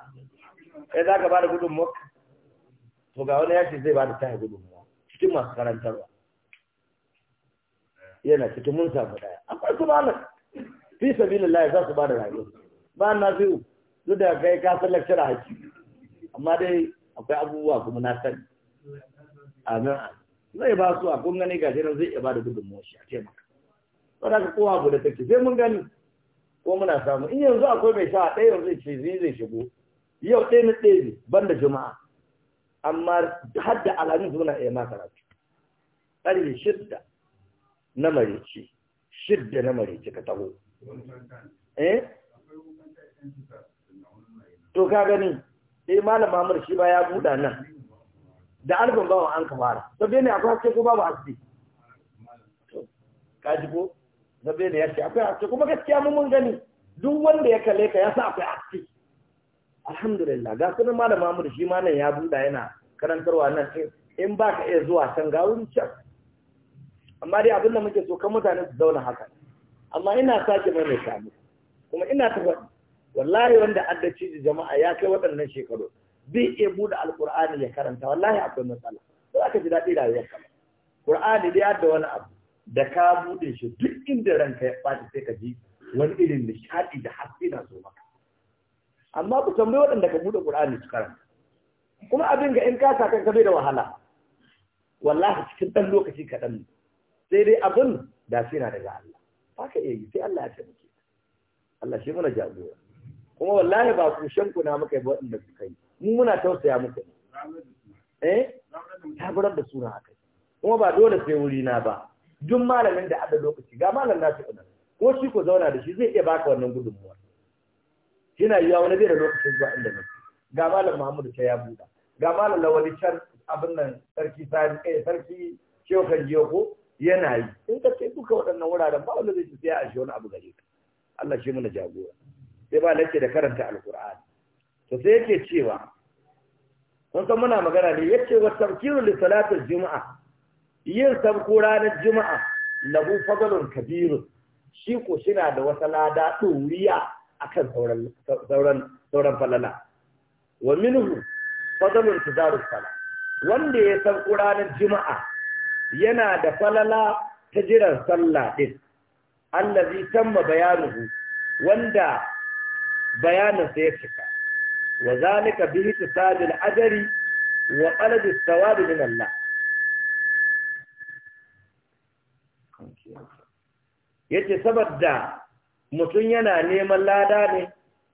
S1: kai za ka ba da gudunmuwa to ga wani yashi zai ba da tayi gudunmawa cikin masu karantarwa yana cikin mun samu daya akwai su malar fi sabilillah za su ba da rayuwa ba na fi duk da kai ka san lakcin haki amma dai akwai abubuwa kuma na sani amin zai ba su a kun gani ga nan zai iya ba da gudunmawa shi a maka saboda ka kowa abu take sai mun gani ko muna samu in yanzu akwai mai sha ɗaya yanzu ce zai shigo yau ɗaya na ɗaya ne ban da juma'a amma har da alhamis zuna iya ma karatu ƙarfe shidda na marici shidda na marici ka taho eh to ka gani eh malam mamur shi ba ya buɗa nan da alfin bawa an kamara. fara sabbe ne akwai haske ko babu haske ka ji ko sabbe ne ya ce akwai haske kuma gaskiya mun gani duk wanda ya kale ka ya sa akwai haske alhamdulillah ga sunan malama mamur shi ma nan ya buɗa yana karantarwa nan in ba ka iya zuwa can ga wurin can amma dai abin da muke so kan mutane su zauna haka amma ina sake mai mai samu kuma ina ta faɗi wallahi wanda addaci da jama'a ya kai waɗannan shekaru bi iya buɗe alƙur'ani ya karanta wallahi akwai matsala ko aka ji daɗi rayuwar ka ƙur'ani dai yadda wani abu da ka buɗe shi duk inda ranka ya ɓaci sai ka ji wani irin nishaɗi da haske na zo amma ku tambayi waɗanda ka buɗe ƙur'ani su karanta kuma abin ga in ka sa kanka bai da wahala wallahi cikin dan lokaci kaɗan sai dai abin da shi na daga Allah ba ka iya yi sai Allah ya tabbata Allah shi muna jagora kuma wallahi ba ku shanku na muka yi ba inda suka yi mu muna tausaya muku. Eh eh tabarar da suna haka kuma ba dole sai wuri na ba duk malamin da ada lokaci ga malam nasu ɗan ko shi ko zauna da shi zai iya baka wannan gudunmuwa yana yiwa wani bai da lokacin zuwa inda nan ga malam Muhammadu ta ya buɗa ga malam lawali can abin nan sarki sai eh sarki shehu kan ko yana yi in ka ce duka waɗannan wuraren ba wanda zai ci sai a shi wani abu gare ka Allah shi mana jagora sai ba lake da karanta alqur'ani to sai yake cewa kun san muna magana ne yace wa tamkiru li salati juma'a yin sabko ranar juma'a lahu fadlun Kabiru, shi ko na da wata lada ɗoriya akan sauran sauran sauran falala wa minhu fadlun tijarus sala wanda ya san ranar juma'a yana da falala ta jiran sallah din allazi tamma bayanuhu wanda bayanin sa ya cika wa zalika bi al ajri wa qalb al-thawab min Allah yace saboda mutum yana neman lada ne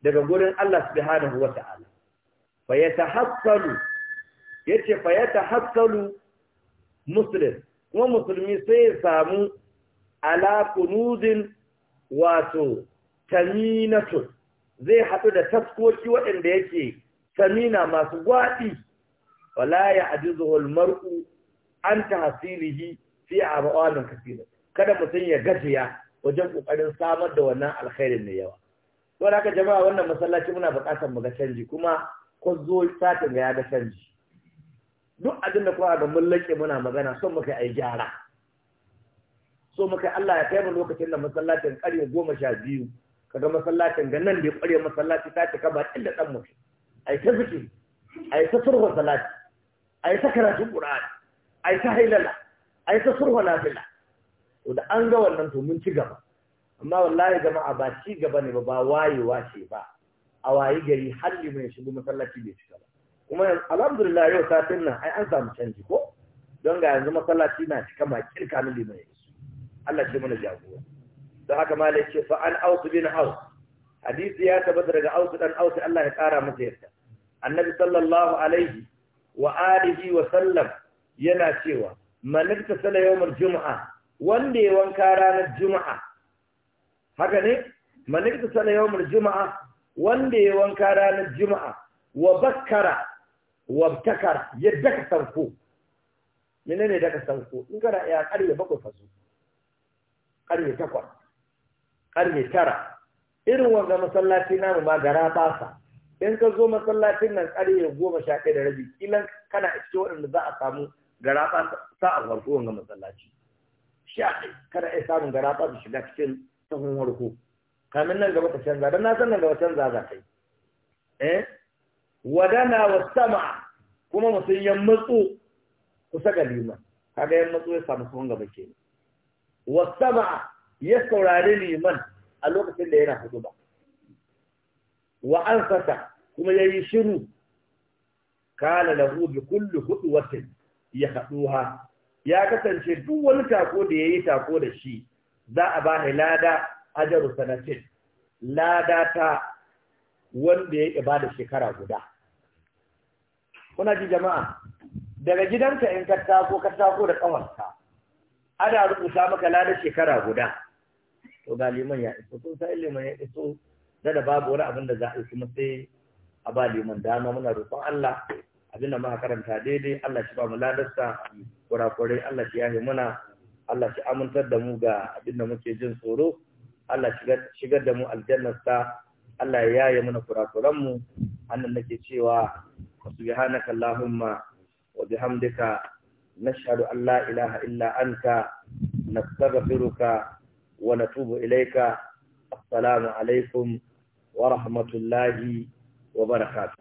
S1: daga gurin Allah subhanahu wata'ala fayatahassalu yace fayatahassalu muslim kuma musulmi sai ya samu ala kunuzin wato taminatu zai haɗu da taskoki waɗanda yake samina masu gwaɗi wala ya ajizuhul mar'u an tahsilihi fi abawanin kafira kada mutum ya gajiya wajen kokarin samar da wannan alkhairin ne yawa to haka jama'a wannan masallaci muna buƙatar mu ga canji kuma ko zo satin ga ya ga canji duk abin da kuma da mun muna magana son muka yi gyara so muka Allah ya kai mu lokacin da masallacin ƙarye goma sha biyu kaga masallacin ga nan da ya ƙware masallaci ta cika ba inda ɗan ai ta zuci ai ta surwa salati ai ta karatun qur'ani ai ta hailala ai ta surwa nafila to da an ga wannan to mun ci gaba amma wallahi jama'a ba ci gaba ne ba ba wayewa ce ba a wayi gari halli mai shigo masallaci bai cika ba kuma alhamdulillah yau satin nan ai an samu canji ko don ga yanzu masallaci na cika ma kirka min liman ya su Allah ce mana jagora don haka ma ce fa an ausu bin au. hadisi ya tabbata daga ausu dan ausu Allah ya kara masa yarda annabi sallallahu alaihi wa alihi wa sallam yana cewa man iktasala yawmal jumu'a wanda ya wanka ranar juma'a haka ne man iktasala yawmal jumu'a wanda ya wanka ranar juma'a wa bakkara wa takara ya daka sanko. mene ne daka sanko? in kana ya karye bakwai fasu karye takwas karye tara irin wanga masallaci namu ma gara basa in ka zo masallacin nan karye goma sha ɗaya da rabi kilan kana cikin waɗanda za a samu gara basa sa a farko wanga masallaci sha ɗaya kana iya samun gara basa shiga cikin sahun harko kamin nan gaba ta canza don na san nan gaba canza za ta yi eh wadana wasama kuma musun yan matsu kusa ga liman kaga yan matsu ya samu sun gaba ke Wasama ya saurari liman a lokacin da yana hudu ba wa ansata kuma ya yi shiru kana lahu bi kulli hudwatin ya haduha ya kasance duk wani tako da yayi tako da shi za a ba lada ajaru sanatin lada ta wanda ya ibada shekara guda kuna ji jama'a daga gidanka in ka tako ka tako da kawarka ana rubuta maka lada shekara guda to ga liman ya iso to sai liman ya iso da babu wani abin da za a yi kuma sai a ba liman dama muna roƙon Allah abin da muka karanta daidai Allah shi ba mu ladarsa kurakurai Allah shi yahe muna Allah shi amintar da mu ga abin da muke jin tsoro Allah shigar da mu aljannarsa Allah ya yaye mana kurakuran mu annan nake cewa subhanaka allahumma wa bihamdika na an Allah ilaha illa anka nastaghfiruka wa natubu ilaika assalamu alaikum wa rahmatullahi wa barakatuh